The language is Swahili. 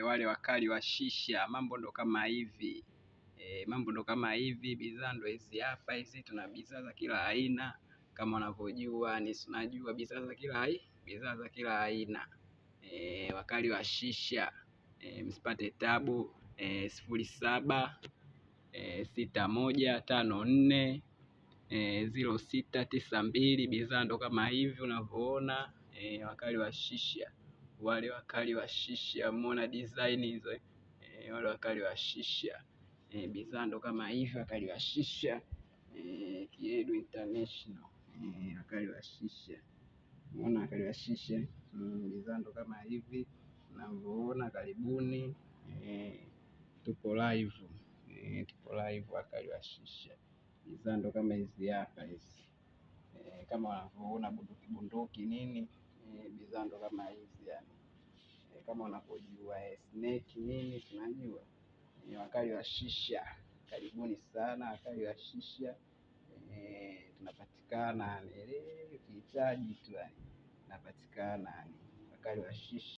Eh, wale wakali wa shisha, mambo ndo kama hivi e, mambo ndo kama hivi. Bidhaa ndo hizi hapa, hizi tuna bidhaa za kila aina kama unavyojua ni tunajua bidhaa za kila bidhaa za kila aina e, wakali wa shisha e, msipate tabu e, sifuri saba e, sita moja tano nne e, ziro sita tisa mbili. Bidhaa ndo kama hivi unavyoona e, wakali wa shisha wale wakali wa shisha, mona design hizo e, wale wakali wa shisha e, bidhaa ndo kama hivyo, wakali wa shisha e, Kiedu International e, wakali wa shisha mona, wakali wa shisha mm, bidhaa ndo kama hivi unavyoona, karibuni e, tupo live e, tupo live, wakali wa shisha bidhaa ndo kama hizi hapa hizi e, kama wanavyoona bunduki bunduki nini bidhaa eh, ndo kama hizi yani. E, kama unapojua e, snake nini tunajua ni e, wakali wa shisha. Karibuni sana wakali wa shisha e, tunapatikana ukihitaji tu yani, tunapatikana wakali wa shisha.